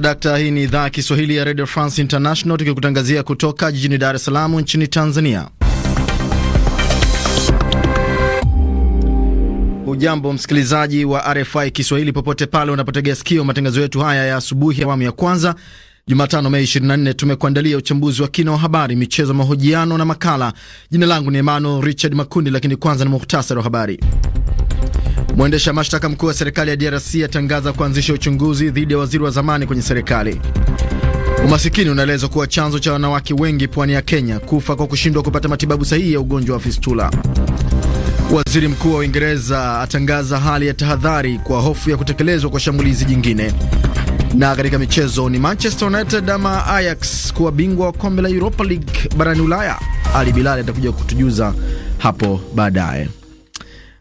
dakta hii ni idhaa ya Kiswahili ya Radio France International tukikutangazia kutoka jijini Dar es Salaam nchini Tanzania. Ujambo msikilizaji wa RFI Kiswahili popote pale unapotegea sikio matangazo yetu haya ya asubuhi ya awamu ya kwanza Jumatano, Mei 24, tumekuandalia uchambuzi wa kina wa habari, michezo, mahojiano na makala. Jina langu ni Emmanuel Richard Makundi, lakini kwanza ni muhtasari wa habari. Mwendesha mashtaka mkuu wa serikali ya DRC atangaza kuanzisha uchunguzi dhidi ya waziri wa zamani kwenye serikali. Umasikini unaelezwa kuwa chanzo cha wanawake wengi pwani ya Kenya kufa kwa kushindwa kupata matibabu sahihi ya ugonjwa wa fistula. Waziri mkuu wa Uingereza atangaza hali ya tahadhari kwa hofu ya kutekelezwa kwa shambulizi jingine. Na katika michezo ni Manchester United ama Ajax kuwa bingwa wa kombe la Europa League barani Ulaya. Ali Bilali atakuja kutujuza hapo baadaye.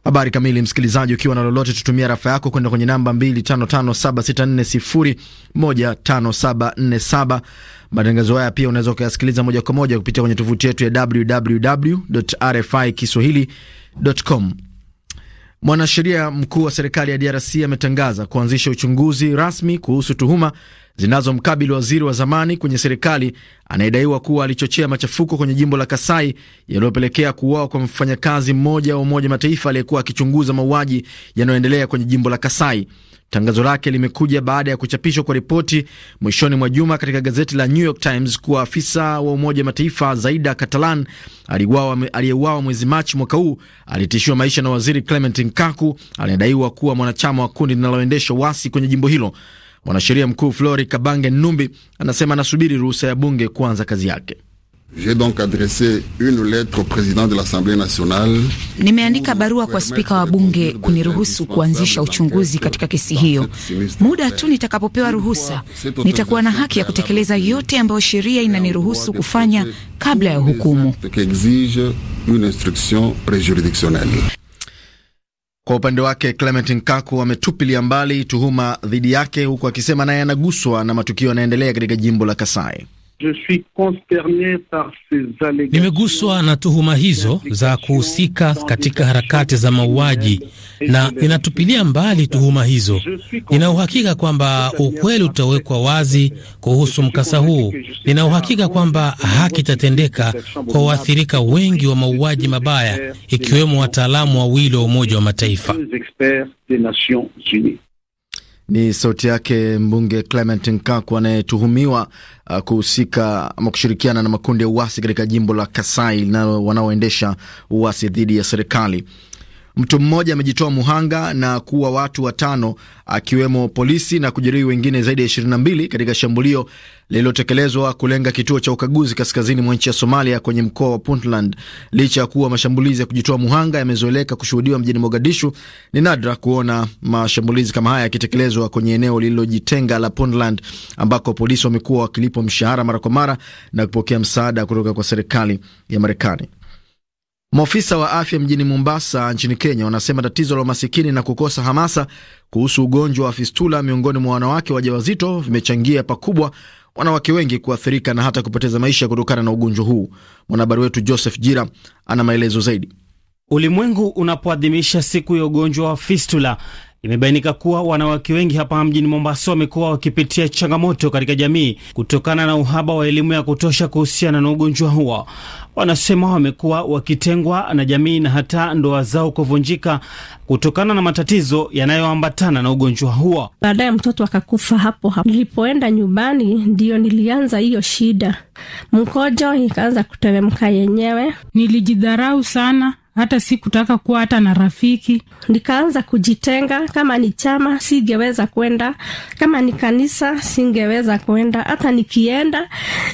Habari kamili, msikilizaji, ukiwa na lolote, tutumia rafa yako kwenda kwenye namba 255764015747. Matangazo haya pia unaweza ukayasikiliza moja kwa moja kupitia kwenye tovuti yetu ya kiswahilicom Mwanasheria mkuu wa serikali ya DRC ametangaza kuanzisha uchunguzi rasmi kuhusu tuhuma zinazomkabili waziri wa zamani kwenye serikali anayedaiwa kuwa alichochea machafuko kwenye jimbo la Kasai yaliyopelekea kuuawa kwa mfanyakazi mmoja wa Umoja Mataifa aliyekuwa akichunguza mauaji yanayoendelea kwenye jimbo la Kasai. Tangazo lake limekuja baada ya kuchapishwa kwa ripoti mwishoni mwa juma katika gazeti la New York Times kuwa afisa wa Umoja Mataifa Zaida Catalan aliyeuawa mwezi Machi mwaka huu alitishiwa maisha na waziri Clement Nkaku anayedaiwa kuwa mwanachama wa kundi linaloendesha uasi kwenye jimbo hilo. Mwanasheria mkuu Flori Kabange Numbi anasema anasubiri ruhusa ya bunge kuanza kazi yake. J'ai donc adressé une lettre au président de l'Assemblée nationale. Nimeandika barua kwa spika wa bunge kuniruhusu kuanzisha uchunguzi katika kesi hiyo. Muda tu nitakapopewa ruhusa, nitakuwa na haki ya kutekeleza yote ambayo sheria inaniruhusu kufanya kabla ya hukumu. Kwa upande wake Clement Nkaku ametupilia mbali tuhuma dhidi yake, huku akisema naye anaguswa na matukio yanaendelea katika jimbo la Kasai. Nimeguswa na tuhuma hizo za kuhusika katika harakati za mauaji na ninatupilia mbali tuhuma hizo. Nina uhakika kwamba ukweli utawekwa wazi kuhusu mkasa huu. Nina uhakika kwamba haki itatendeka kwa waathirika wengi wa mauaji mabaya, ikiwemo wataalamu wawili wa Umoja wa Mataifa. Ni sauti yake mbunge Clement Nkaku anayetuhumiwa uh, kuhusika ama kushirikiana na makundi ya uasi katika jimbo la Kasai na wanaoendesha uasi dhidi ya serikali. Mtu mmoja amejitoa muhanga na kuwa watu watano akiwemo polisi na kujeruhi wengine zaidi ya mbili katika shambulio lililotekelezwa kulenga kituo cha ukaguzi kaskazini mwa nchi ya Somalia kwenye mkoa wa Puntland. Licha ya kuwa mashambulizi ya kujitoa muhanga yamezoeleka kushuhudiwa mjini Mogadishu, ni nadra kuona mashambulizi kama haya yakitekelezwa kwenye eneo lililojitenga la Puntland ambako polisi wamekuwa wakilipwa mshahara mara kwa mara na kupokea msaada kutoka kwa serikali ya Marekani. Maofisa wa afya mjini Mombasa nchini Kenya wanasema tatizo la umasikini na kukosa hamasa kuhusu ugonjwa wa fistula miongoni mwa wanawake wajawazito vimechangia pakubwa wanawake wengi kuathirika na hata kupoteza maisha kutokana na ugonjwa huu. Mwanahabari wetu Joseph Jira ana maelezo zaidi. Ulimwengu unapoadhimisha siku ya ugonjwa wa fistula Imebainika kuwa wanawake wengi hapa mjini Mombasa wamekuwa wakipitia changamoto katika jamii kutokana na uhaba wa elimu ya kutosha kuhusiana na ugonjwa huo. Wanasema wamekuwa wakitengwa na jamii na hata ndoa zao kuvunjika kutokana na matatizo yanayoambatana na ugonjwa huo. Baadaye mtoto akakufa hapo hapo. Nilipoenda nyumbani, ndiyo nilianza hiyo shida, mkojo ikaanza kuteremka yenyewe. Nilijidharau sana hata sikutaka kuwa hata na rafiki, nikaanza kujitenga. Kama ni chama singeweza kwenda, kama ni kanisa singeweza kwenda. Hata nikienda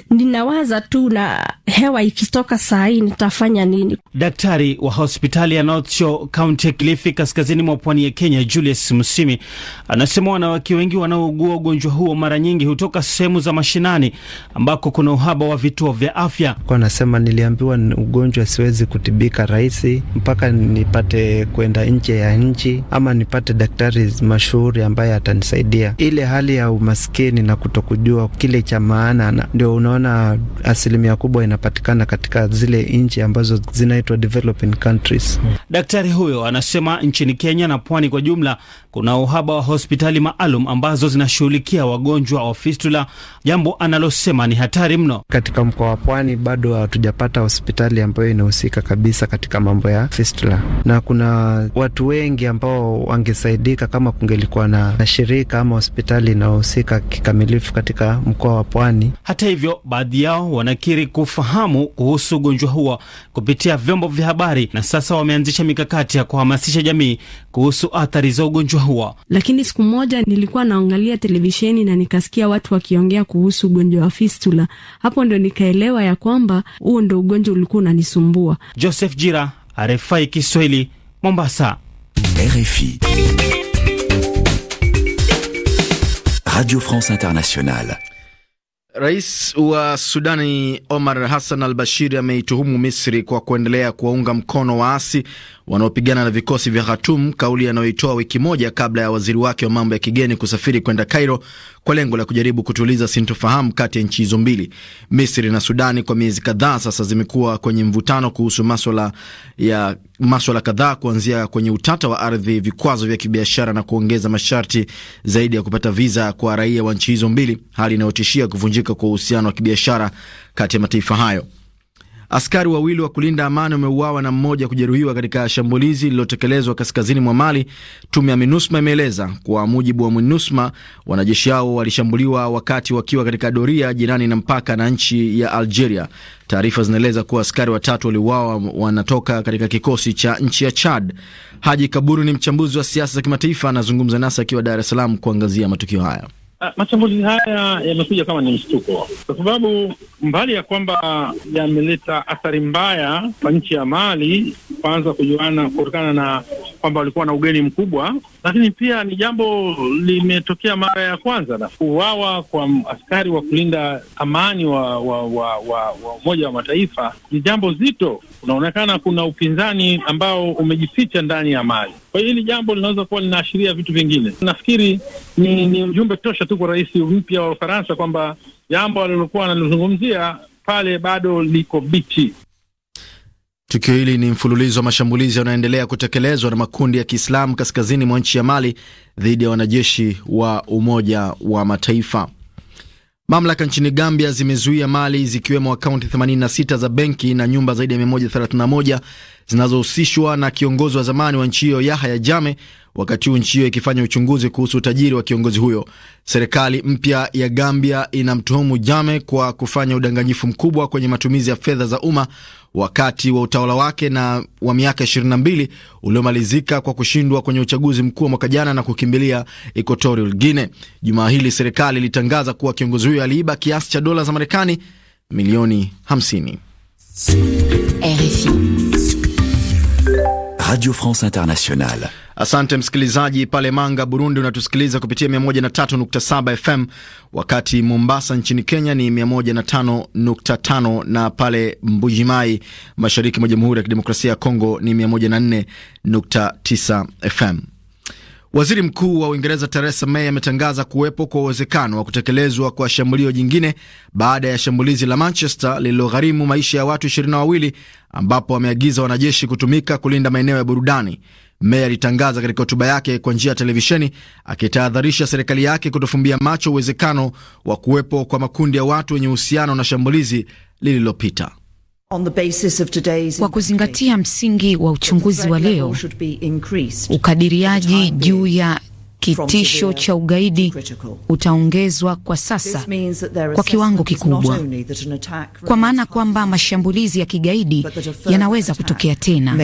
ninawaza tu, na hewa ikitoka saa hii nitafanya nini? Daktari wa hospitali ya North Shore kaunti ya Kilifi kaskazini mwa pwani ya Kenya, Julius Musimi anasema wanawake wengi wanaougua ugonjwa huo mara nyingi hutoka sehemu za mashinani ambako kuna uhaba wa vituo vya afya. Kwa anasema niliambiwa ugonjwa siwezi kutibika rahisi mpaka nipate kwenda nje ya nchi ama nipate daktari mashuhuri ambaye atanisaidia. Ile hali ya umaskini na kutokujua kile cha maana, ndio unaona asilimia kubwa inapatikana katika zile nchi ambazo zinaitwa developing countries. Daktari huyo anasema nchini Kenya na pwani kwa jumla kuna uhaba wa hospitali maalum ambazo zinashughulikia wagonjwa wa fistula, jambo analosema ni hatari mno. Katika mkoa wa Pwani bado hatujapata hospitali ambayo inahusika kabisa katika mambo ya fistula, na kuna watu wengi ambao wangesaidika kama kungelikuwa na shirika ama hospitali inayohusika kikamilifu katika mkoa wa Pwani. Hata hivyo, baadhi yao wanakiri kufahamu kuhusu ugonjwa huo kupitia vyombo vya habari na sasa wameanzisha mikakati ya kuhamasisha jamii kuhusu athari za ugonjwa huo. Lakini siku moja nilikuwa naangalia televisheni na nikasikia watu wakiongea kuhusu ugonjwa wa fistula. Hapo ndio nikaelewa ya kwamba huo ndio ugonjwa ulikuwa unanisumbua. Joseph Jira, RFI Kiswahili, Mombasa. RFI Radio France Internationale. Rais wa Sudani Omar Hassan al Bashir ameituhumu Misri kwa kuendelea kuwaunga mkono waasi wanaopigana na vikosi vya Khatum, kauli anayoitoa wiki moja kabla ya waziri wake wa mambo ya kigeni kusafiri kwenda Cairo kwa lengo la kujaribu kutuliza sintofahamu kati ya nchi hizo mbili. Misri na Sudani kwa miezi kadhaa sasa zimekuwa kwenye mvutano kuhusu maswala ya maswala kadhaa, kuanzia kwenye utata wa ardhi, vikwazo vya kibiashara na kuongeza masharti zaidi ya kupata viza kwa raia wa nchi hizo mbili, hali inayotishia kuvunjika kwa uhusiano wa kibiashara kati ya mataifa hayo. Askari wawili wa kulinda amani wameuawa na mmoja kujeruhiwa katika shambulizi lililotekelezwa kaskazini mwa Mali, tume ya MINUSMA imeeleza. Kwa mujibu wa MINUSMA, wanajeshi hao walishambuliwa wakati wakiwa katika doria jirani na mpaka na nchi ya Algeria. Taarifa zinaeleza kuwa askari watatu waliuawa wanatoka katika kikosi cha nchi ya Chad. Haji Kaburu ni mchambuzi wa siasa za kimataifa, anazungumza nasi akiwa Dar es Salaam kuangazia matukio haya. Ah, mashambulizi haya yamekuja kama ni mshtuko, kwa sababu mbali ya kwamba yameleta athari mbaya kwa nchi ya Mali, kwanza kujuana kutokana na kwamba walikuwa na ugeni mkubwa, lakini pia ni jambo limetokea mara ya kwanza, na kuuawa kwa askari wa kulinda amani wa wa wa wa Umoja wa Mataifa ni jambo zito. Unaonekana kuna upinzani ambao umejificha ndani ya Mali. Kwa hiyo hili jambo linaweza kuwa linaashiria vitu vingine. Nafikiri ni, ni ujumbe tosha tu kwa rais mpya wa Ufaransa kwamba jambo alilokuwa analizungumzia pale bado liko bichi. Tukio hili ni mfululizo wa mashambulizi yanayoendelea kutekelezwa na makundi ya Kiislamu kaskazini mwa nchi ya Mali dhidi ya wanajeshi wa Umoja wa Mataifa. Mamlaka nchini Gambia zimezuia mali zikiwemo akaunti 86 za benki na nyumba zaidi ya 131 zinazohusishwa na kiongozi wa zamani wa nchi hiyo Yahya Jammeh wakati huu nchi hiyo ikifanya uchunguzi kuhusu utajiri wa kiongozi huyo. Serikali mpya ya Gambia inamtuhumu Jame kwa kufanya udanganyifu mkubwa kwenye matumizi ya fedha za umma wakati wa utawala wake na wa miaka 22 uliomalizika kwa kushindwa kwenye uchaguzi mkuu wa mwaka jana na kukimbilia Equatorial Guinea. Jumaa hili serikali ilitangaza kuwa kiongozi huyo aliiba kiasi cha dola za Marekani milioni 50. RFI Radio France Internationale Asante msikilizaji pale Manga, Burundi, unatusikiliza kupitia 103.7 FM, wakati Mombasa nchini Kenya ni 105.5 na pale Mbujimai, mashariki mwa Jamhuri ya Kidemokrasia ya Kongo ni 104.9 FM. Waziri Mkuu wa Uingereza Theresa May ametangaza kuwepo kwa uwezekano wa kutekelezwa kwa shambulio jingine baada ya shambulizi la Manchester lililogharimu maisha ya watu 22 wawili ambapo ameagiza wanajeshi kutumika kulinda maeneo ya burudani. May alitangaza katika hotuba yake kwa njia ya televisheni akitahadharisha serikali yake kutofumbia macho uwezekano wa kuwepo kwa makundi ya watu wenye uhusiano na shambulizi lililopita. Kwa kuzingatia msingi wa uchunguzi wa leo, ukadiriaji juu ya kitisho cha ugaidi utaongezwa kwa sasa kwa kiwango kikubwa, kwa maana kwamba mashambulizi ya kigaidi yanaweza kutokea tena.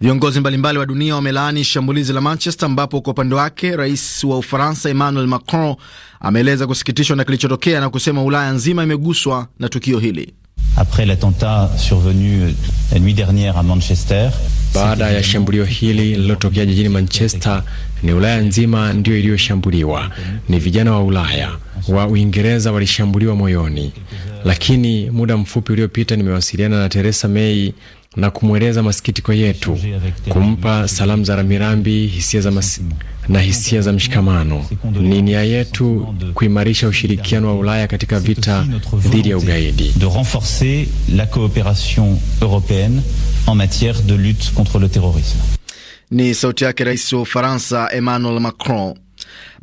Viongozi mbalimbali wa dunia wamelaani shambulizi la Manchester, ambapo kwa upande wake rais wa Ufaransa Emmanuel Macron ameeleza kusikitishwa na kilichotokea na kusema Ulaya nzima imeguswa na tukio hili. Euh, Baada ya shambulio hili lililotokea jijini Manchester, ni Ulaya nzima ndiyo iliyoshambuliwa. Ni vijana wa Ulaya wa Uingereza walishambuliwa moyoni. Lakini muda mfupi uliopita nimewasiliana na Theresa May, na kumweleza masikitiko yetu, kumpa salamu za rambirambi, hisia za mas na hisia za mshikamano. Ni nia yetu kuimarisha ushirikiano wa Ulaya katika vita dhidi ya ugaidi. De renforcer la coopération européenne en matière de lutte contre le terrorisme. Ni sauti yake Rais wa Ufaransa Emmanuel Macron.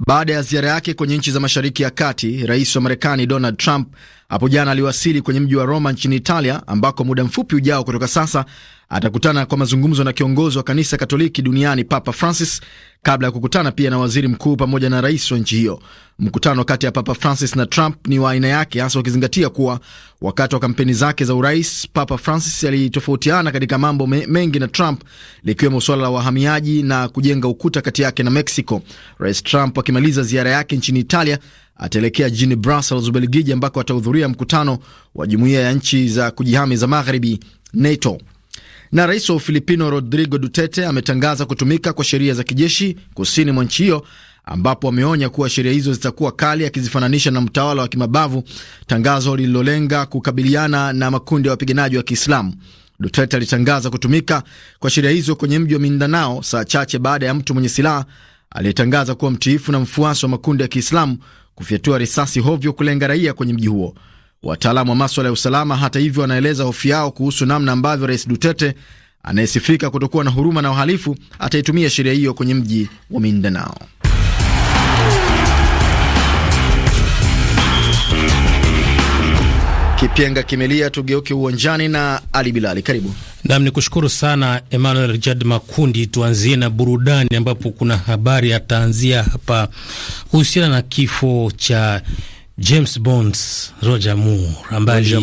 Baada ya ziara yake kwenye nchi za mashariki ya kati, rais wa Marekani Donald Trump hapo jana aliwasili kwenye mji wa Roma nchini Italia, ambako muda mfupi ujao kutoka sasa atakutana kwa mazungumzo na kiongozi wa kanisa Katoliki duniani Papa Francis, kabla ya kukutana pia na waziri mkuu pamoja na rais wa nchi hiyo. Mkutano kati ya Papa Francis na Trump ni wa aina yake, hasa ukizingatia kuwa wakati wa kampeni zake za urais Papa Francis alitofautiana katika mambo me mengi na Trump, likiwemo suala la wahamiaji na kujenga ukuta kati yake na Mexico. Rais Trump akimaliza ziara yake nchini Italia ataelekea jijini Brussels, Ubelgiji, ambako atahudhuria mkutano wa jumuiya ya nchi za kujihami za magharibi NATO na rais wa Ufilipino Rodrigo Duterte ametangaza kutumika kwa sheria za kijeshi kusini mwa nchi hiyo ambapo wameonya kuwa sheria hizo zitakuwa kali, akizifananisha na mtawala wa kimabavu, tangazo lililolenga kukabiliana na makundi ya wapiganaji wa Kiislamu. Duterte alitangaza kutumika kwa sheria hizo kwenye mji wa Mindanao saa chache baada ya mtu mwenye silaha aliyetangaza kuwa mtiifu na mfuasi wa makundi ya Kiislamu kufyatua risasi hovyo kulenga raia kwenye mji huo. Wataalamu wa maswala ya usalama, hata hivyo, wanaeleza hofu yao kuhusu namna ambavyo rais Duterte anayesifika kutokuwa na huruma na uhalifu ataitumia sheria hiyo kwenye mji wa Mindanao. Kipenga kimelia, tugeuke uwanjani na Ali Bilali, karibu nam. Ni kushukuru sana Emmanuel Jad Makundi. Tuanzie na burudani, ambapo kuna habari ya hapa kuhusiana na kifo cha James Bond Roger Moore ambaye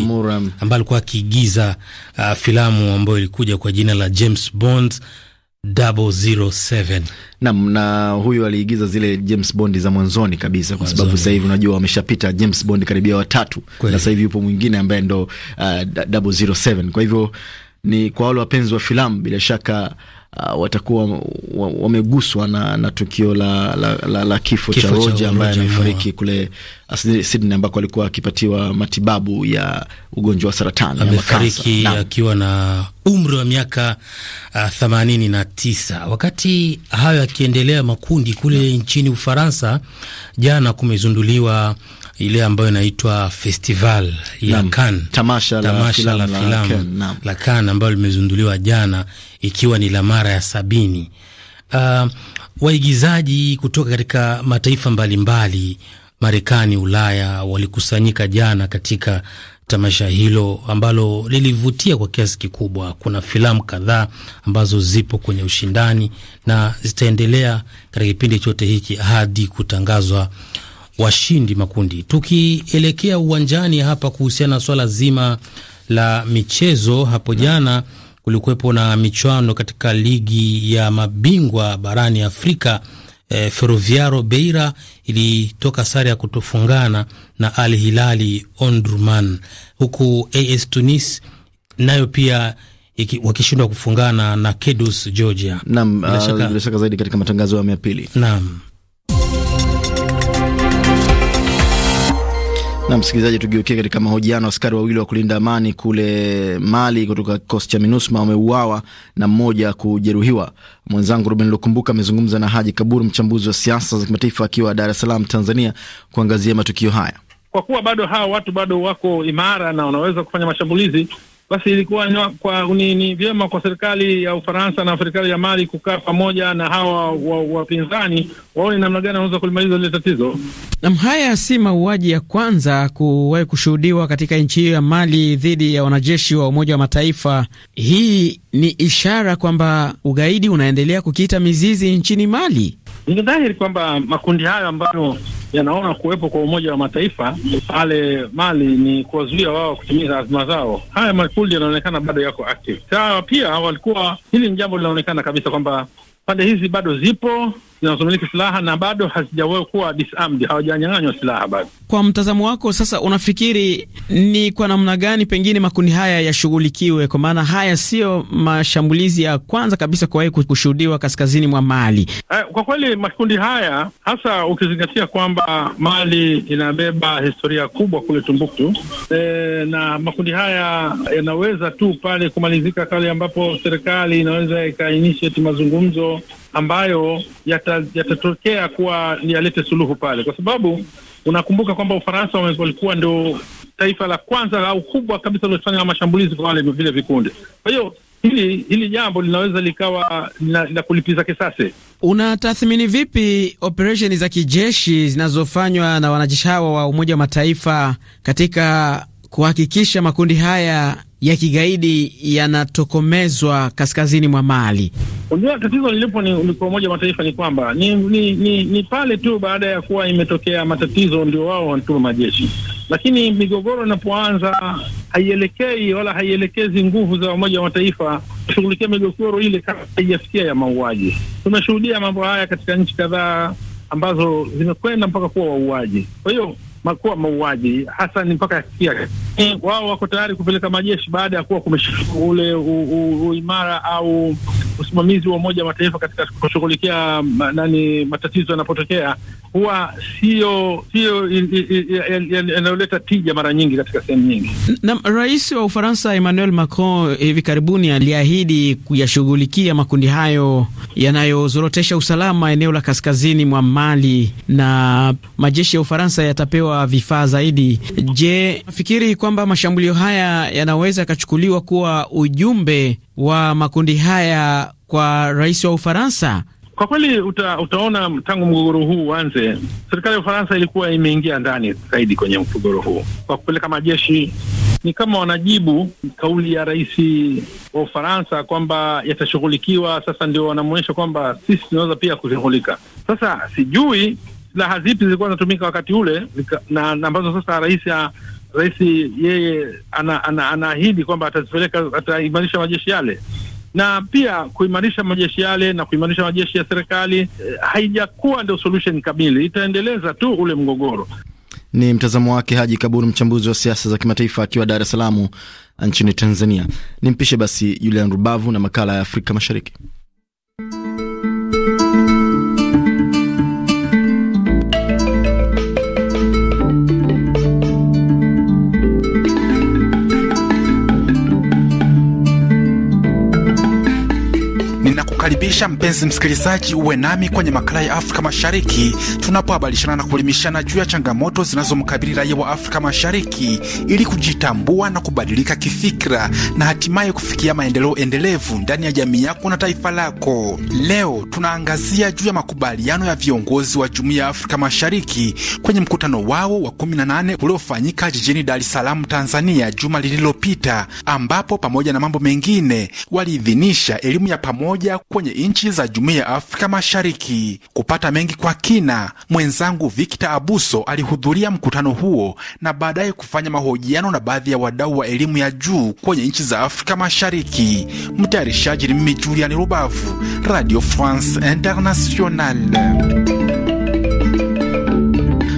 alikuwa akiigiza uh, filamu ambayo ilikuja kwa jina la James Bond 007. Naam, na huyu aliigiza zile James Bond za mwanzoni kabisa, kwa sababu sasa hivi unajua wameshapita James Bond karibia watatu, na sasa hivi yupo mwingine ambaye ndo uh, 007. Kwa hivyo ni kwa wale wapenzi wa filamu bila shaka uh, watakuwa wameguswa na, na tukio la, la, la, la kifo, kifo cha Roja ambaye amefariki kule uh, Sydney ambako alikuwa akipatiwa matibabu ya ugonjwa wa saratani. Amefariki akiwa na umri wa miaka uh, themanini uh, na tisa. Wakati hayo akiendelea makundi kule na nchini Ufaransa, jana kumezunduliwa ile ambayo inaitwa festival ya Kan, tamasha, tamasha la filamu la Kan ambayo limezunduliwa jana ikiwa ni la mara ya sabini. Uh, waigizaji kutoka katika mataifa mbalimbali Marekani, Ulaya walikusanyika jana katika tamasha hilo ambalo lilivutia kwa kiasi kikubwa. Kuna filamu kadhaa ambazo zipo kwenye ushindani na zitaendelea katika kipindi chote hiki hadi kutangazwa washindi makundi. Tukielekea uwanjani hapa kuhusiana na swala zima la michezo, hapo jana kulikuwepo na michuano katika ligi ya mabingwa barani Afrika. E, eh, Ferroviaro Beira ilitoka sare ya kutofungana na Al Hilali Ondruman, huku AS Tunis nayo pia wakishindwa kufungana na Kedus Georgia. Naam, ah, bila shaka zaidi katika matangazo ya pili. Naam. Na msikilizaji, tugeukie katika mahojiano. Askari wawili wa kulinda amani kule Mali kutoka kikosi cha MINUSMA wameuawa na mmoja kujeruhiwa. Mwenzangu Ruben Lukumbuka amezungumza na Haji Kaburu, mchambuzi wa siasa za kimataifa, akiwa Dar es Salaam, Tanzania, kuangazia matukio haya. Kwa kuwa bado hawa watu bado wako imara na wanaweza kufanya mashambulizi, basi ilikuwa kwa, ni, ni vyema kwa serikali ya Ufaransa na serikali ya Mali kukaa pamoja na hawa wapinzani wa waone namna gani wanaweza kulimaliza lile tatizo. Nam, haya si mauaji ya kwanza kuwahi kushuhudiwa katika nchi hiyo ya Mali dhidi ya wanajeshi wa Umoja wa Mataifa. Hii ni ishara kwamba ugaidi unaendelea kukita mizizi nchini Mali. Ni dhahiri kwamba makundi hayo ambayo yanaona kuwepo kwa Umoja wa Mataifa pale Mali ni kuwazuia wao kutimiza azma zao. Haya makundi yanaonekana bado yako active. Sawa, pia walikuwa, hili ni jambo linaonekana kabisa kwamba pande hizi bado zipo zinazomiliki silaha na bado hazijawahi kuwa disarmed, hawajanyang'anywa silaha bado. Kwa mtazamo wako sasa, unafikiri ni kwa namna gani pengine makundi haya yashughulikiwe? Kwa maana haya siyo mashambulizi ya kwanza kabisa kuwahi kushuhudiwa kaskazini mwa Mali. Eh, kwa kweli makundi haya hasa ukizingatia kwamba Mali inabeba historia kubwa kule Tumbuktu, e, eh, na makundi haya yanaweza tu pale kumalizika kale ambapo serikali inaweza ikainitiate mazungumzo ambayo yatatokea yata kuwa ni yalete suluhu pale, kwa sababu unakumbuka kwamba Ufaransa walikuwa ndio taifa la kwanza au kubwa kabisa lilofanya mashambulizi kwa wale vile vikundi. Kwa hiyo hili hili jambo linaweza likawa la kulipiza kisasi. Unatathmini vipi operesheni za kijeshi zinazofanywa na wanajeshi hawa wa Umoja wa Mataifa katika kuhakikisha makundi haya ya kigaidi yanatokomezwa kaskazini mwa Mali? Unajua, tatizo lilipo ni kwa Umoja wa Mataifa ni kwamba ni, ni, ni, ni pale tu baada ya kuwa imetokea matatizo ndio wao wanatuma majeshi, lakini migogoro inapoanza haielekei wala haielekezi nguvu za Umoja wa Mataifa kushughulikia migogoro ile kama haijafikia ya mauaji. Tumeshuhudia mambo haya katika nchi kadhaa ambazo zimekwenda mpaka kuwa wauaji. Kwa hiyo makuwa mauaji hasa ni mpaka kia wao wako tayari kupeleka majeshi baada ya kuwa kumeshika ule uimara au usimamizi wa Umoja wa Mataifa katika kushughulikia mm, nani matatizo yanapotokea, huwa sio sio yanayoleta tija mara nyingi katika sehemu nyingi. Na rais wa Ufaransa Emmanuel Macron hivi karibuni aliahidi kuyashughulikia makundi hayo yanayozorotesha usalama eneo la kaskazini mwa Mali, na majeshi ya Ufaransa yatapewa kupewa vifaa zaidi. Je, nafikiri kwamba mashambulio haya yanaweza yakachukuliwa kuwa ujumbe wa makundi haya kwa rais wa Ufaransa? Kwa kweli uta, utaona tangu mgogoro huu uanze, serikali ya Ufaransa ilikuwa imeingia ndani zaidi kwenye mgogoro huu kwa kupeleka majeshi. Ni kama wanajibu kauli ya rais wa Ufaransa kwamba yatashughulikiwa. Sasa ndio wanamwonyesha kwamba sisi tunaweza pia kushughulika. Sasa sijui silaha zipi zilikuwa zinatumika wakati ule na, ambazo sasa rais rais yeye anaahidi ana, ana kwamba atazipeleka ataimarisha majeshi yale na pia kuimarisha majeshi yale na kuimarisha majeshi ya serikali eh, haijakuwa ndio solution kamili, itaendeleza tu ule mgogoro. Ni mtazamo wake Haji Kaburu, mchambuzi wa siasa za kimataifa akiwa Dar es Salaam nchini Tanzania. Nimpishe basi Julian Rubavu na makala ya Afrika Mashariki. ninakukaribisha mpenzi msikilizaji, uwe nami kwenye makala ya Afrika Mashariki tunapohabarishana na kuelimishana juu ya changamoto zinazomkabili raia wa Afrika Mashariki ili kujitambua na kubadilika kifikra na hatimaye kufikia maendeleo endelevu ndani ya jamii yako na taifa lako. Leo tunaangazia juu ya makubaliano ya viongozi wa Jumuiya ya Afrika Mashariki kwenye mkutano wao wa 18 uliofanyika jijini Dar es Salaam, Tanzania, juma lililopita, ambapo pamoja na mambo mengine waliidhinisha elimu ya pamoja kwa kwenye nchi za Jumuiya ya Afrika Mashariki. Kupata mengi kwa kina, mwenzangu Victor Abuso alihudhuria mkutano huo na baadaye kufanya mahojiano na baadhi ya wadau wa elimu ya juu kwenye nchi za Afrika Mashariki. Mtayarishaji ni mimi Julian Rubavu, Radio France Internationale.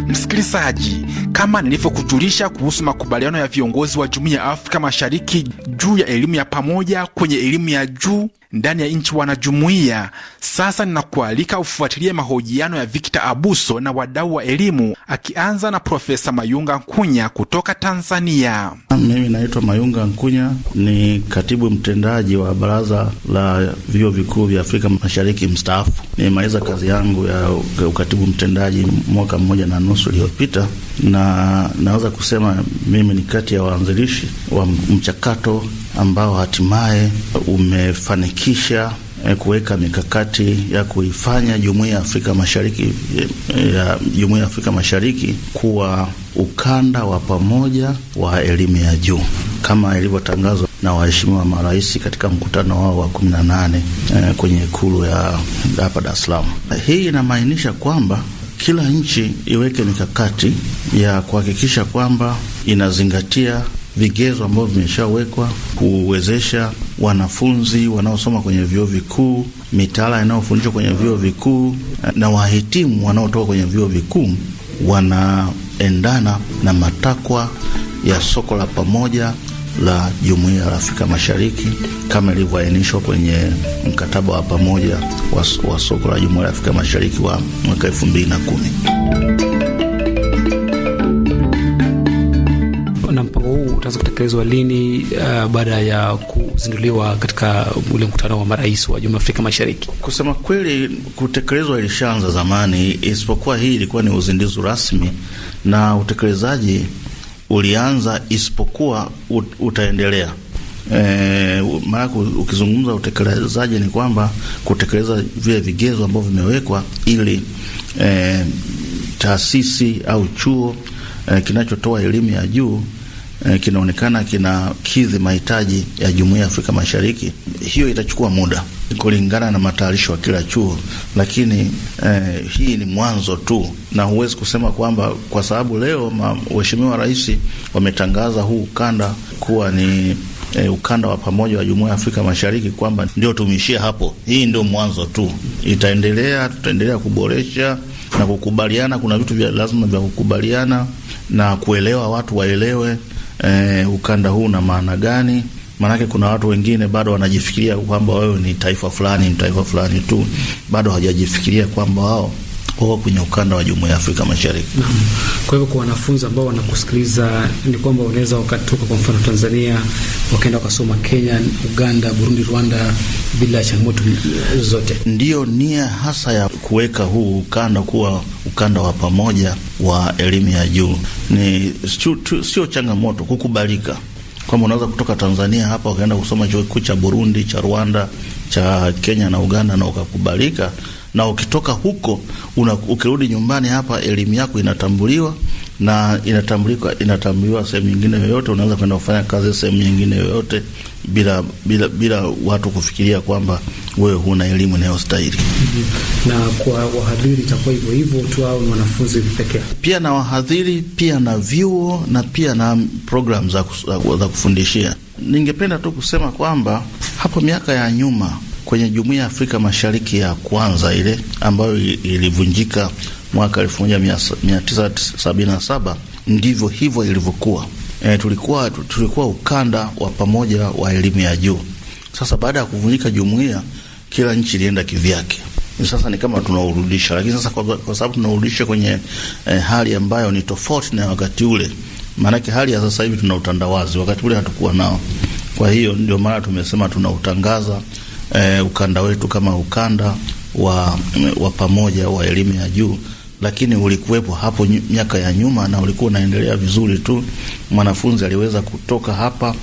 Msikilizaji, kama nilivyokujulisha kuhusu makubaliano ya viongozi wa Jumuiya ya Afrika Mashariki juu ya elimu ya pamoja kwenye elimu ya juu ndani ya nchi wanajumuiya. Sasa ninakualika ufuatilie mahojiano ya Victor Abuso na wadau wa elimu, akianza na Profesa Mayunga Nkunya kutoka Tanzania. Mimi naitwa Mayunga Nkunya, ni katibu mtendaji wa Baraza la Vyuo Vikuu vya Afrika Mashariki mstaafu. Nimemaliza kazi yangu ya ukatibu mtendaji mwaka mmoja na nusu uliopita, na naweza kusema mimi ni kati ya waanzilishi wa mchakato ambao hatimaye umefanikisha eh, kuweka mikakati ya kuifanya jumuiya ya Afrika Mashariki eh, ya jumuiya ya Afrika Mashariki kuwa ukanda wa pamoja wa elimu ya juu kama ilivyotangazwa na waheshimiwa marais katika mkutano wao wa 18 eh, kwenye ikulu ya hapa Dar es Salaam. Hii inamaanisha kwamba kila nchi iweke mikakati ya kuhakikisha kwamba inazingatia vigezo ambavyo vimeshawekwa kuwezesha wanafunzi wanaosoma kwenye vyuo vikuu, mitaala inayofundishwa kwenye vyuo vikuu na wahitimu wanaotoka kwenye vyuo vikuu wanaendana na matakwa ya soko la pamoja la Jumuiya ya Afrika Mashariki kama ilivyoainishwa kwenye mkataba wa pamoja wa soko la Jumuiya ya Afrika Mashariki wa mwaka elfu mbili na kumi. utaanza kutekelezwa lini, uh, baada ya kuzinduliwa katika ule mkutano wa marais wa Jumuiya Afrika Mashariki? Kusema kweli, kutekelezwa ilishaanza zamani, isipokuwa hii ilikuwa ni uzinduzi rasmi na utekelezaji ulianza, isipokuwa utaendelea E, eh, maanake ukizungumza utekelezaji ni kwamba kutekeleza vile vigezo ambavyo vimewekwa ili e, taasisi au chuo e, kinachotoa elimu ya juu eh, kinaonekana kinakidhi mahitaji ya Jumuiya ya Afrika Mashariki. Hiyo itachukua muda kulingana na matayarisho ya kila chuo, lakini eh, hii ni mwanzo tu, na huwezi kusema kwamba kwa sababu leo waheshimiwa Rais wametangaza huu ukanda kuwa ni E, ukanda wa pamoja wa Jumuiya ya Afrika Mashariki kwamba ndio tumeishia hapo. Hii ndio mwanzo tu, itaendelea, tutaendelea kuboresha na kukubaliana. Kuna vitu vya lazima vya kukubaliana na kuelewa, watu waelewe eh, ukanda huu una maana gani? Maanake kuna watu wengine bado wanajifikiria kwamba wewe ni taifa fulani, ni taifa fulani tu, bado hawajajifikiria kwamba wao isipokuwa kwenye ukanda wa Jumuiya ya Afrika Mashariki. Mm -hmm. Kwa hivyo kwa wanafunzi ambao wanakusikiliza ni kwamba unaweza wakatoka kwa mfano Tanzania wakaenda wakasoma Kenya, Uganda, Burundi, Rwanda bila changamoto zote. Ndiyo nia hasa ya kuweka huu ukanda kuwa ukanda wa pamoja wa elimu ya juu. Ni sio changamoto kukubalika kwamba unaweza kutoka Tanzania hapa ukaenda kusoma chuo kikuu cha Burundi, cha Rwanda, cha Kenya na Uganda na ukakubalika, na ukitoka huko una, ukirudi nyumbani hapa elimu yako inatambuliwa na inatambulika inatambuliwa sehemu nyingine yoyote, unaweza kwenda kufanya kazi sehemu nyingine yoyote bila, bila, bila watu kufikiria kwamba wewe huna elimu inayostahili. Na kwa wahadhiri itakuwa hivyo hivyo tu au ni wanafunzi pekee? Pia na wahadhiri pia na vyuo na pia na programu za, za, za kufundishia. Ningependa tu kusema kwamba hapo miaka ya nyuma kwenye Jumuiya ya Afrika Mashariki ya kwanza ile ambayo ilivunjika mwaka 1977 ndivyo hivyo ilivyokuwa. E, tulikuwa tulikuwa ukanda wa pamoja wa elimu ya juu. Sasa baada ya kuvunjika jumuiya, kila nchi ilienda kivyake. Sasa ni kama tunaurudisha, lakini sasa kwa, kwa sababu tunaurudisha kwenye eh, hali ambayo ni tofauti na wakati ule, maanake hali ya sasa hivi tuna utandawazi, wakati ule hatukuwa nao. Kwa hiyo ndio maana tumesema tunautangaza eh, ukanda wetu kama ukanda wa, wa pamoja wa elimu ya juu, lakini ulikuwepo hapo miaka ya nyuma na ulikuwa unaendelea vizuri tu. Mwanafunzi aliweza kutoka hapa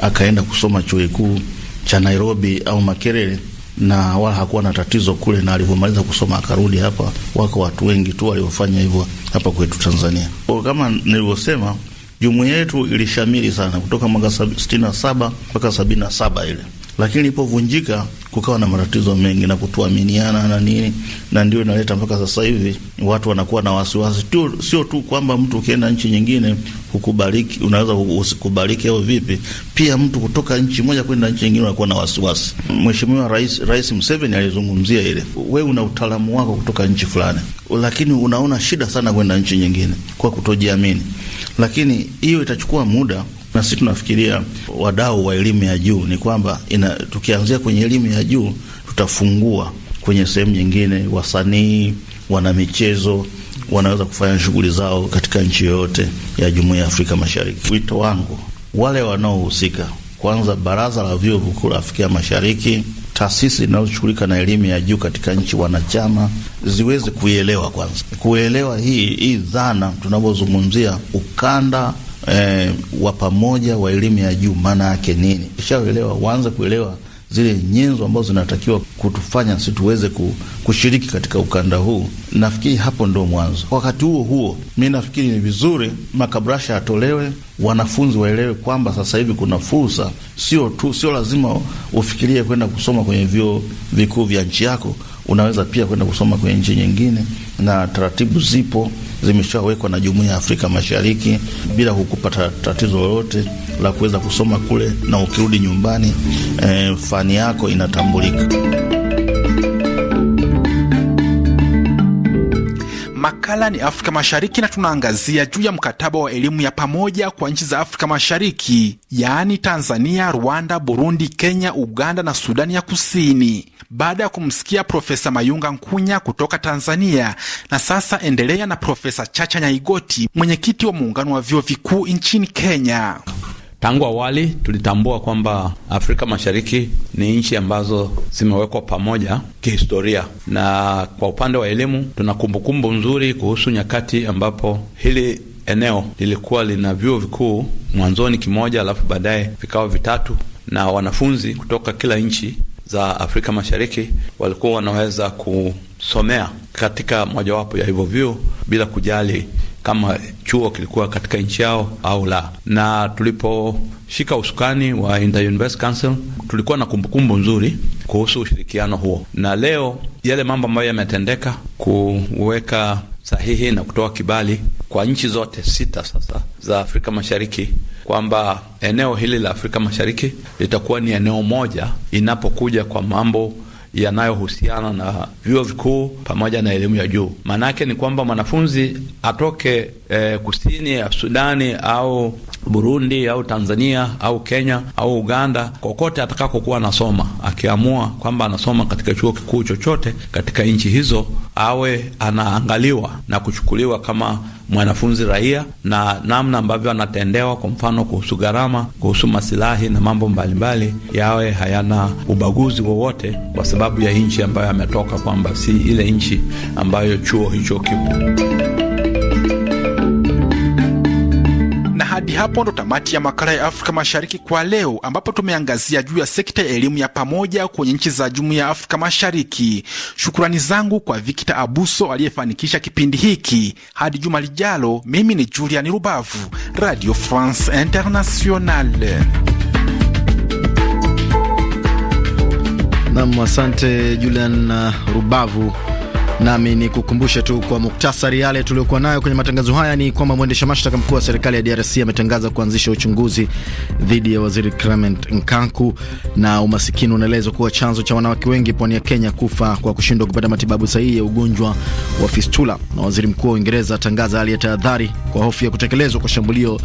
akaenda kusoma chuo kikuu cha Nairobi au Makerere na wala hakuwa na tatizo kule, na alivyomaliza kusoma akarudi hapa. Wako watu wengi tu waliofanya hivyo hapa kwetu Tanzania. Kwa kama nilivyosema, jumuiya yetu ilishamiri sana kutoka mwaka 67 mpaka 77 ile lakini ilipovunjika kukawa na matatizo mengi na kutuaminiana na nini, na ndio inaleta mpaka sasa hivi watu wanakuwa na wasiwasi tu, sio tu kwamba mtu ukienda nchi nyingine hukubaliki, unaweza usikubaliki au vipi. Pia mtu kutoka nchi moja kwenda nchi nyingine unakuwa na wasiwasi. Mheshimiwa Rais, Rais Museveni alizungumzia ile, wewe una utaalamu wako kutoka nchi fulani, lakini unaona shida sana kwenda nchi nyingine kwa kutojiamini, lakini hiyo itachukua muda na sisi tunafikiria wadau wa elimu ya juu ni kwamba ina, tukianzia kwenye elimu ya juu tutafungua kwenye sehemu nyingine, wasanii, wanamichezo wanaweza kufanya shughuli zao katika nchi yoyote ya Jumuiya ya Afrika Mashariki. Wito wangu wale wanaohusika, kwanza Baraza la Vyuo Vikuu la Afrika Mashariki, taasisi zinazoshughulika na elimu ya juu katika nchi wanachama ziweze kuielewa kwanza, kuelewa hii hii dhana tunavyozungumzia ukanda eh, wa pamoja wa elimu ya juu. Maana yake nini? Ishaelewa, waanze kuelewa zile nyenzo ambazo zinatakiwa kutufanya sisi tuweze kushiriki katika ukanda huu. Nafikiri hapo ndo mwanzo. Wakati huo huo, mi nafikiri ni vizuri makabrasha yatolewe, wanafunzi waelewe kwamba sasa hivi kuna fursa, sio tu, sio lazima ufikirie kwenda kusoma kwenye vyuo vikuu vya nchi yako, unaweza pia kwenda kusoma kwenye nchi nyingine, na taratibu zipo zimeshawekwa na Jumuiya ya Afrika Mashariki bila kukupata tatizo lolote la kuweza kusoma kule, na ukirudi nyumbani e, fani yako inatambulika. Makala ni Afrika Mashariki na tunaangazia juu ya mkataba wa elimu ya pamoja kwa nchi za Afrika Mashariki, yaani Tanzania, Rwanda, Burundi, Kenya, Uganda na Sudani ya Kusini. Baada ya kumsikia Profesa Mayunga Nkunya kutoka Tanzania, na sasa endelea na Profesa Chacha Nyaigoti, mwenyekiti wa muungano wa vyuo vikuu nchini Kenya. Tangu awali tulitambua kwamba Afrika Mashariki ni nchi ambazo zimewekwa pamoja kihistoria, na kwa upande wa elimu tuna kumbukumbu nzuri kuhusu nyakati ambapo hili eneo lilikuwa lina vyuo vikuu, mwanzoni kimoja, alafu baadaye vikao vitatu, na wanafunzi kutoka kila nchi za Afrika Mashariki walikuwa wanaweza kusomea katika mojawapo ya hivyo vyuo bila kujali kama chuo kilikuwa katika nchi yao au la. Na tuliposhika usukani wa Inter University Council, tulikuwa na kumbukumbu nzuri kuhusu ushirikiano huo, na leo yale mambo ambayo yametendeka kuweka sahihi na kutoa kibali kwa nchi zote sita sasa za Afrika Mashariki kwamba eneo hili la Afrika Mashariki litakuwa ni eneo moja inapokuja kwa mambo yanayohusiana na vyuo vikuu pamoja na elimu ya juu. yake ni kwamba mwanafunzi atoke eh, kusini ya Sudani au Burundi au Tanzania au Kenya au Uganda, kokote atakakokuwa anasoma, akiamua kwamba anasoma katika chuo kikuu chochote katika nchi hizo awe anaangaliwa na kuchukuliwa kama mwanafunzi raia, na namna ambavyo anatendewa, kwa mfano kuhusu gharama, kuhusu masilahi na mambo mbalimbali, yawe hayana ubaguzi wowote kwa sababu ya nchi ambayo ametoka, kwamba si ile nchi ambayo chuo hicho kipo. hadi hapo ndo tamati ya makala ya Afrika Mashariki kwa leo, ambapo tumeangazia juu ya sekta ya elimu ya pamoja kwenye nchi za Jumuiya ya Afrika Mashariki. Shukurani zangu kwa Victor Abuso aliyefanikisha kipindi hiki. Hadi juma lijalo, mimi ni julian Rubavu, Radio France Internationale. Nam, asante Julian Rubavu. Nami ni kukumbushe tu kwa muktasari yale tuliokuwa nayo kwenye matangazo haya ni kwamba mwendesha mashtaka mkuu wa serikali ya DRC ametangaza kuanzisha uchunguzi dhidi ya waziri Clement Nkanku. Na umasikini unaelezwa kuwa chanzo cha wanawake wengi pwani ya Kenya kufa kwa kushindwa kupata matibabu sahihi ya ugonjwa wa fistula. Na waziri mkuu wa Uingereza atangaza hali ya tahadhari kwa hofu ya kutekelezwa kwa shambulio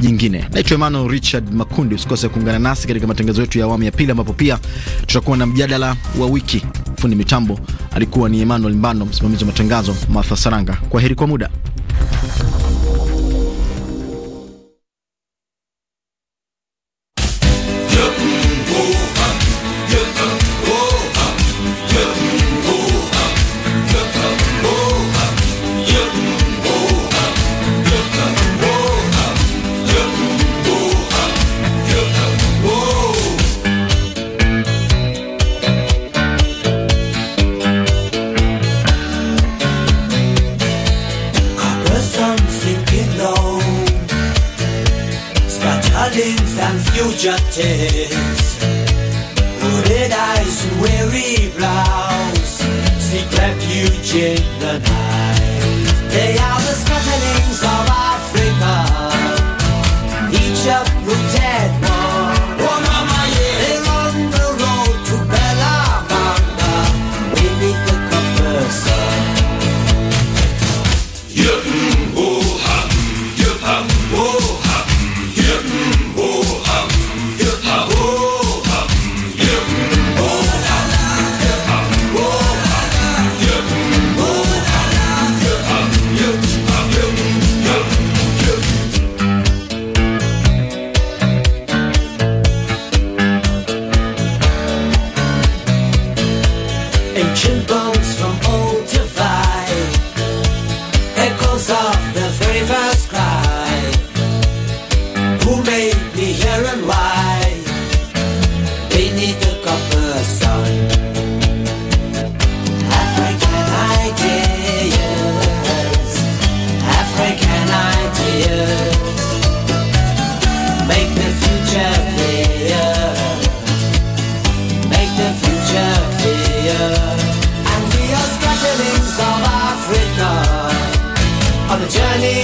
jingine. Naitwa Emmanuel Richard Makundi, usikose kuungana nasi katika matangazo yetu ya awamu ya pili, ambapo pia tutakuwa na mjadala wa wiki. Fundi mitambo alikuwa ni Emmanuel Mbano msimamizi wa matangazo Martha Saranga. Kwa heri kwa muda.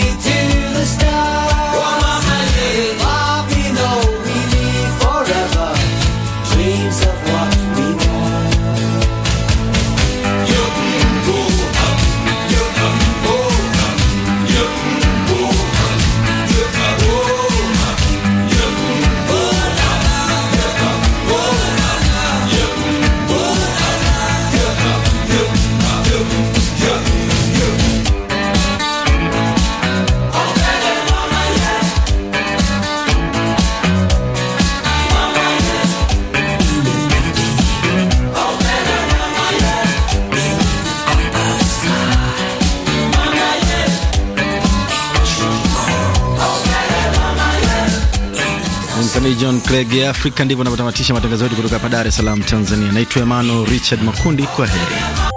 need to John Craig ya Afrika. Ndivyo anavyotamatisha matangazo yetu kutoka hapa Dar es Salaam, Tanzania. Naitwa Emmanuel Richard Makundi, kwa heri.